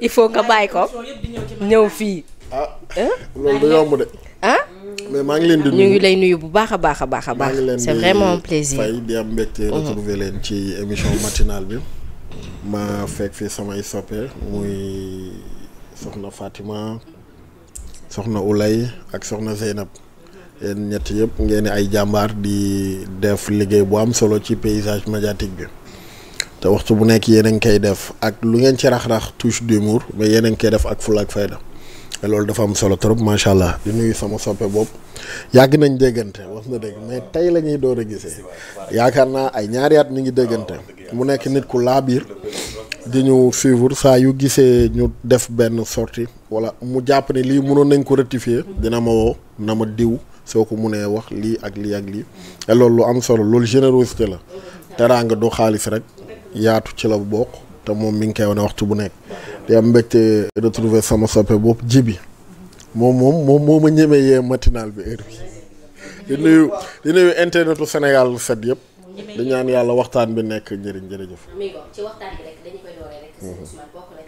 il faut nga bàyyi ko ñëw fii. ah loolu du yomb de. ah mais maa ngi leen di. ñu ngi lay nuyu bu baax a baax a baax a baax. c'est vraiment un plaisir fay di am mbégte. Mhm. retrouver leen ci émission matinale bi. ma fekk fi samay soppe muy soxna Fatima soxna Oulay ak soxna Zeynab yéen ñett yëpp ngeen ay jàmbaar di def liggéey bu am solo ci paysage médiatique bi. waxtu bu nekk yéen a koy def ak lu ngeen ci rax-rax touche d'humour mais yéen a ngi koy def ak fulla ak fayda loolu dafa am solo trop macha allah di nuy sama soppe boobu yàgg nañ déggante wax na dëgg mais tey la ñuy door a gisee yaakaar naa ay ñaari at ñu ngi déggante mu nekk nit ku laa biir di ñu suivre saa yu gisee ñu def benn sorti wala mu jàpp ne lii mënoon nañ ko rectifier dina ma woo na ma diw soo ko mënee wax lii ak lii ak lii te loolu lu am solo loolu générosité la teraanga du xaalis rek. yaatu ci la bokk te moom mi ngi koy wane waxtu bu nekk di am mbégte retrouver sama soppe bopp ji bi moom moom moo ma ñemee yee matinal bi heure bi di nuyu internetu Sénégal set yëpp di ñaan yàlla waxtaan bi nekk njëriñ jërëjëf. ci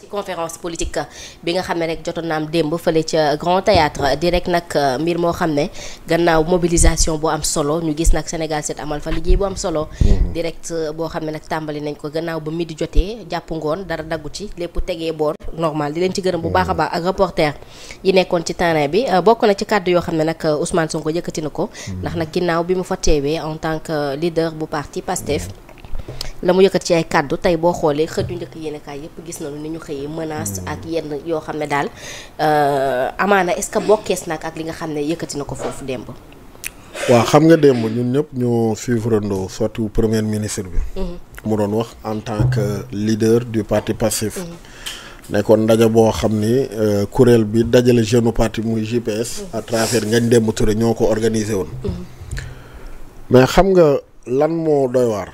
conférence politique bi nga xam ne rek jotoon naam démb fële ca Grand Théâtre di rek nag euh, mbir moo xam ne gannaaw mobilisation bu am solo ñu gis nag Sénégal set amal fa liggéey bu am solo mm-hmm. direct euh, boo xam ne nag tàmbali nañ ko gannaaw ba di jotee jàpp ngoon dara daggu ci lépp tegee boor normal di leen ci gërëm bu baax a mm-hmm. baax ak reporter yi nekkoon ci terrain bi euh, bokk na ci kàddu yoo xam ne nag Ousmane Sonko yëkkati na ko mm-hmm. ndax nag ginnaaw bi mu fa teewee en tant que leader bu parti Pastef la mu yëkkat ci ay kàddu tey boo xoolee xët yu njëkk yéenekaay yépp gis nañu ni ñu xëyee menace mm. ak yenn yoo xam ne daal euh, amaana est-ce que bokkees nag ak li nga xam ne yëkkati na ko foofu démb waaw xam nga démb ñun ñëpp ñoo suivre ndoo sorti wu premier ministre bi mm-hmm. mu doon wax en tant que leader du parti passif mm-hmm. nekkoon ndaje boo xam ni euh, kuréel bi dajale jeune parti muy GPS mm-hmm. à travers Ngagne Demba Touré ñoo ko organisé woon mais xam nga lan moo doy war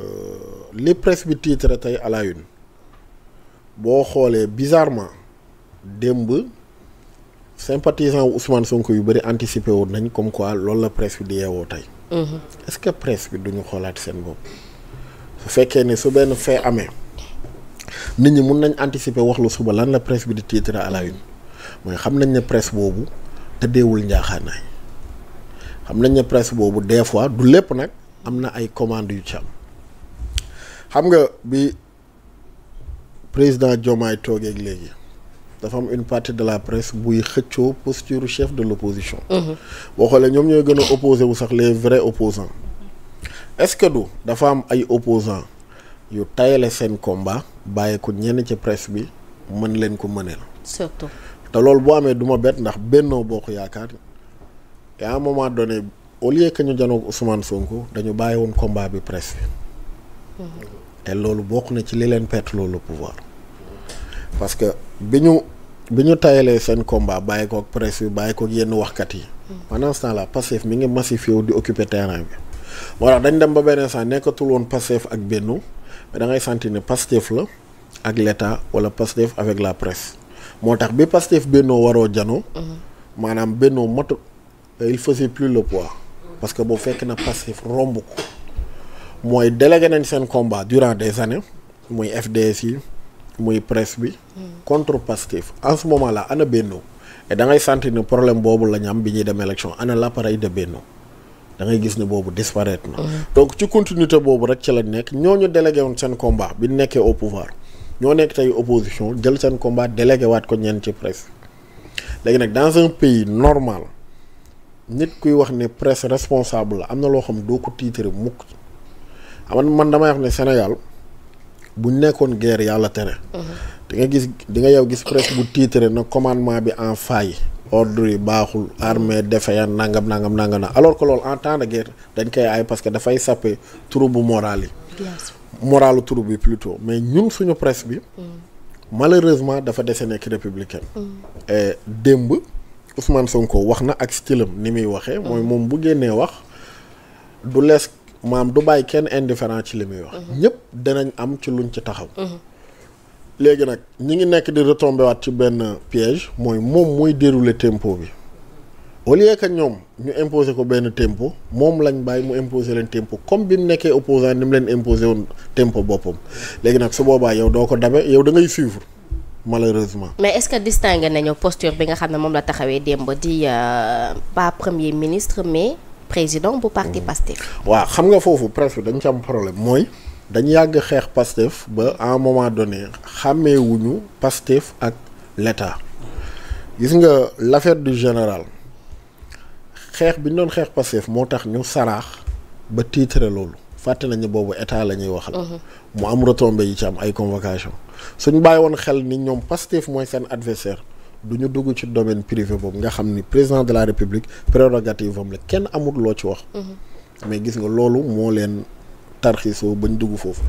Euh, li presse bi titre tey à la une boo xoolee bizarrement démb sympathisant wu Ousmane Sonko yu bëri anticiper woon nañ comme quoi loolu la presse bi di yeewoo tey. Mm-hmm. est-ce que presse bi duñu xoolaat seen bopp. su fekkee ne su benn fee amee nit ñi mun nañ anticiper wax lu suba lan la presse bi di titre à la mooy xam nañ ne presse boobu tëddeewul njaaxaanaay xam nañ ne presse boobu des fois du lépp nag am na ay commandes yu ci xam nga bi président Diomaye toogeeg léegi dafa am une partie de la presse buy xëccoo posture chef de l'opposition mhm. boo xoolee ñoom ñooy gën a opposé wu sax les vrais opposants est-ce que du dafa am ay opposants yu tayale seen combat bàyyi ko ñenn ci presse bi mën leen ko mëneel surtout te loolu boo amee du ma bett ndax bennoo boo yaakaar et à un moment donné au lieu que ñu janoog Ousmane Sonko dañu bàyyi woon combat bi presse bi et loolu bokk na ci li leen perte loolu le pouvoir parce que bi ñu bi ñu tayalee seen combat bàyyi ko ak presse bi bàyyi ko ak yenn waxkat yi. pendant ce temps mi ngi massifié wu di occuper terrain bi. moo tax dañ dem ba beneen sax nekkatul woon Pastef ak Benno mais da ngay sentir ne Pastef la ak l'État wala Pastef avec la presse moo tax bi Pastef Benno waroo janoo. maanaam Benno matu il faisait plus le poids. parce que boo fekk na Pastef romb ko. mooy délégué nañ seen combat durant des années muy FDS yi muy press bi. Hmm. contre Pastef en ce moment là ana Benno et da ngay sentir ne problème boobu la ñu am bi ñuy dem élection ana l'appareil de Benno da ngay gis ne boobu disparaître na. Hmm. donc ci continuité boobu rek ci la nekk ñooñu délégué woon seen combat bi nekkee au pouvoir ñoo nekk tey opposition jël seen combat délégué waat ko ñenn ci presse léegi nag dans un pays normal nit kuy wax ne presse responsable am na loo xam doo ko tiitare mukk aman man damay wax ne Sénégal buñ nekkoon guerre yàlla tere. Mhm. di nga gis di nga yow gis presse bu tiitre na commandement bi en faille. ordre yi baaxul armée defeyan nangam nangam nangam na alors que lool en temps de guerre dañ koy ay parce que dafay sappe trouble moral yi. moralu trouble bi plutôt mais ñun suñu presse bi. Mhm. malheureusement dafa dese nekk républicain. Mhm. démb Ousmane Sonko wax na ak stylam ni muy waxee. mooy moom bu génnee wax du lees. maam du bàyyi kenn indifférent ci li muy wax. Mhm. ñëpp danañ am ci luñ ci taxaw. Mhm. léegi nag ñi ngi nekk di retombé waat ci benn piège mooy moom mooy dérouler tempo bi au lieu que ñoom ñu imposer ko benn tempo moom lañ bàyyi mu imposer leen tempo comme bi mu nekkee opposant ni mu leen imposer woon tempo boppam léegi nag su boobaa yow doo ko dabe yow da ngay suivre. malheureusement. mais est-ce que distingué nañu posture bi nga xam ne moom la taxawee démb di euh, pas premier ministre mais président bu parti mm. Pastef. waaw xam nga foofu presque dañu ci am problème mooy dañ yàgg xeex Pastef ba en un moment donné xàmmee wuñu Pastef ak l'État gis nga l'affaire du général xeex bi ñu doon xeex Pastef moo tax ñu saraax ba tiitre loolu fàtte nañu boobu état la ñuy la mm-hmm. mu am retombé yi ci am ay convocation suñ bàyyi woon xel ni ñoom Pastef mooy seen adversaire. du ñu dugg ci domaine privé boobu nga xam ni président de la république prérogative am la kenn amul loo ci wax. Mhm. mais gis nga loolu moo leen tarxiisoo bañ dugg foofu.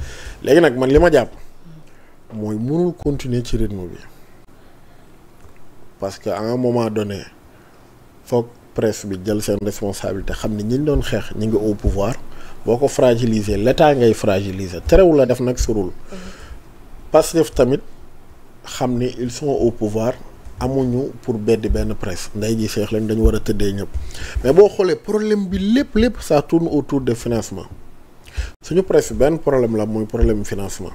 léegi nag man li ma jàpp mooy mënul continuer ci rythme bi parce que à un moment donné foog presse bi jël seen responsabilité xam ni ñi ñu doon xeex ñi ngi au pouvoir boo ko fragiliser l'état ngay fragiliser terewula def nag surul. Mhm. Pastef tamit xam ni ils sont au pouvoir. amuñu pour beddi benn presse nday ji seex lañ dañu war a tëddee ñëpp mais boo xoolee problème bi lépp lépp ça tourne autour de financement suñu presse benn problème la muy problème financement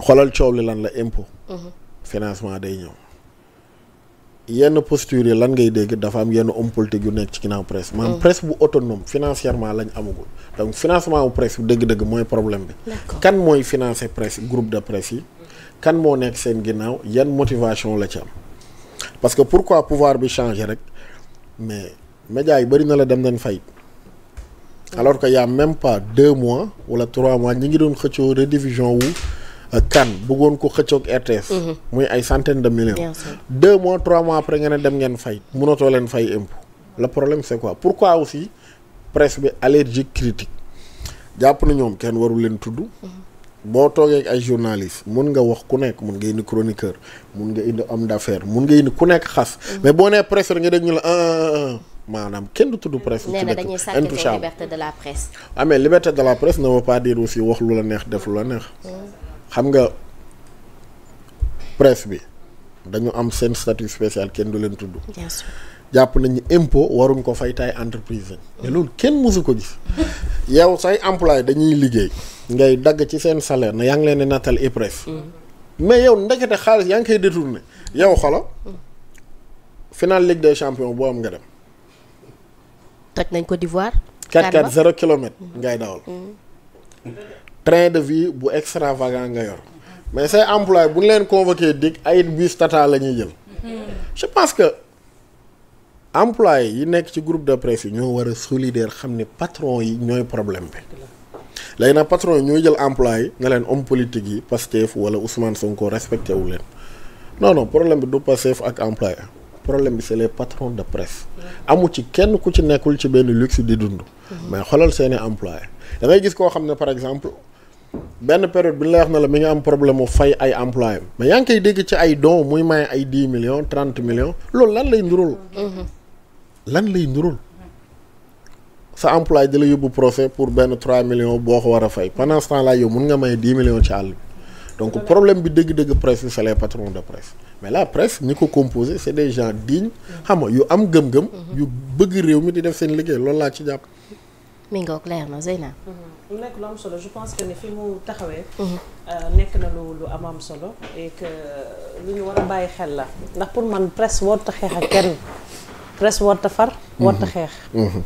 xoolal coow li lan la impo mhm. financement day ñëw. yenn postures yi lan ngay dégg dafa am yenn homme politique yu nekk ci ginnaaw presse. maanaam mhm. presse bu autonome financièrement lañ amagul. donc financement bu presse bu dëgg-dëgg mooy problème bi. kan mooy financer presse groupe de presse kan moo nekk seen ginnaaw yan motivation la ci am parce que pourquoi pouvoir bi changer rek mais médias yi bëri na la dem nañ fay alors que y' a même pas deux mois wala trois mois ñi ngi doon xëccoo redivision wu euh, kan bëggoon ko xëccoog RTS. Mhm. muy ay centaine de millions. deux mois trois mois après nga dem ngeen fay mënatoo leen fay impôt la problème c' est quoi pourquoi aussi presse bi allergique critique jàpp na ñoom kenn warul leen tudd. Mhm. boo toogee ak ay journaliste mun nga wax ku nekk mun nga indi chroniqueur mun nga indi homme d'affaires mun nga indi ku nekk xas. Mm-hmm. mais boo nee presse rek nga dégg ñu la ah, ah, ah, ah maanaam kenn du tudd mm-hmm. presse. ci dëkk intouchable liberté de la presse. ah mais liberté de la presse ne veut pas dire aussi wax lu la neex def lu la neex. Mm-hmm. xam nga presse bi dañu am seen statut spécial kenn du leen tudd. jàpp nañu impôt waruñ ko fay tay entreprise lañ mais loolu kenn mosu ko gis yow say employé dañuy liggéey ngay dagg ci seen salaire na yaa ngi leen di nattal IPRES mais yow ndekete xaalis yaa ngi koy détourné yow xolo final Ligue des champions boo am nga dem toj nañ ko d'Ivoire 4 4 0 kilomètre ngay dawal train de vie bu extravagant nga yor mais say employé bu ñu leen convoqué dig ay bus Tata la jël employé yi nekk ci groupe de presse yi ñoo war a solidaire xam ni patron yi ñooy problème bi léegi nag patron yi ñooy jël employé yi na leen homme politique yi Pastef wala Ousmane Sonko respecté wu leen non non problème bi du Pastef ak employé problème bi c'est les patrons de presse amul ci kenn ku ci nekkul ci benn luxe di dund mais xolal seeni employé da ngay gis koo xam ne par exemple benn période bi ñu lay wax na la mi ngi am problème mu fay ay employé mais yaa ngi koy dégg ci ay dons muy may ay dix millions trente millions loolu lan lay ndurul lan lay nurul sa employé di la yóbbu procès pour benn 3 millions boo ko war a fay pendant ce temps là yow mun nga may 10 millions ci àll bi donc problème bi dëgg-dëgg presse bi c'est les de presse mais la presse ñi ko composé c'est des gens dignes xam yu am gëm-gëm. Mhm. yu bëgg réew mi di def seen liggéey loolu laa ci jàpp. mi ngoog leer na Zeyna. lu mhm. nekk lu am solo je pense mhm. euh, nekk na lu am am solo. et euh, ñu war a bàyyi xel la. ndax pour man presse warut a xeex ak kenn. presse warta far warta mhm. xeex mhm.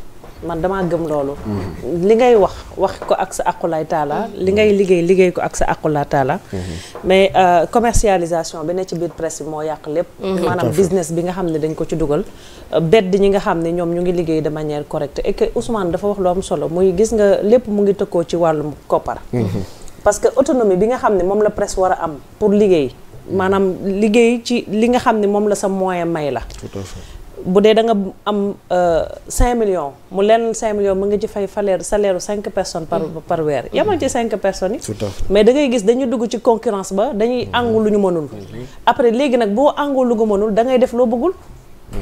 man damaa gëm loolu mhm. li ngay wax wax ko ak sa aqulay taala li ngay liggéey liggéey ko ak sa aqulay taala mais euh, commercialisation bi ne ci biir presse bi moo yàq lépp maanaam business bi nga xam ne dañ ko ci dugal bedd ñi nga xam ne ñoom ñu ngi liggéey de manière correcte et que Ousmane dafa wax lu am solo muy gis nga lépp mu ngi tëkkoo ci wàllum koppar parce que autonomie bi nga xam ne moom la presse war a am pour liggéey maanaam liggéey ci li nga xam ne moom la sa moyen may la bu dee danga nga am euh, cinq millions mu lenn 5 millions mu nga ci fay salaire salaire cinq personnes par mm-hmm. par weer mm-hmm. yemal ci cinq personnes yi. mais da ngay gis dañuy dugg ci concurrence ba dañuy àngu mm-hmm. lu ñu mënul. après léegi nag boo àngoo lu nga mënul dangay ngay def loo bëggul.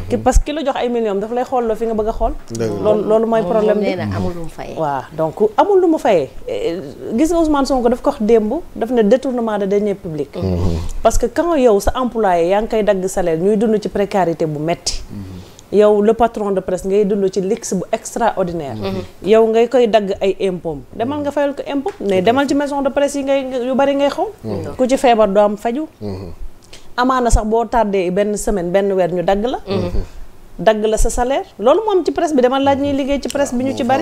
ki parce que ki la jox ay millions daf lay xool loo fi nga bëgg xool. loolu loolu mooy problème bi amul lu mu fayee. waaw donc amul lu mu fayee eh, gis nga Ousmane Sonko daf ko démb daf na détournement de deniers publics. Mm-hmm. Mm-hmm. parce que quand yow sa employé yaa ngi koy dagg salaire ñuy dund ci précarité bu metti mm-hmm. yow le patron de presse ngay dund ci luxe bu extraordinaire. yow ngay koy dagg ay impôts demal nga fayal ko impôt mais demal ci maison de presse yi ngay yu bari ngay xaw ku ci feebar doo am faju amaana sax boo tardé benn semaine benn weer ñu dagg la. Mm-hmm. dagg la sa salaire loolu moom ci presse bi dama laaj ñuy liggéey ci presse bi ñu ci bari.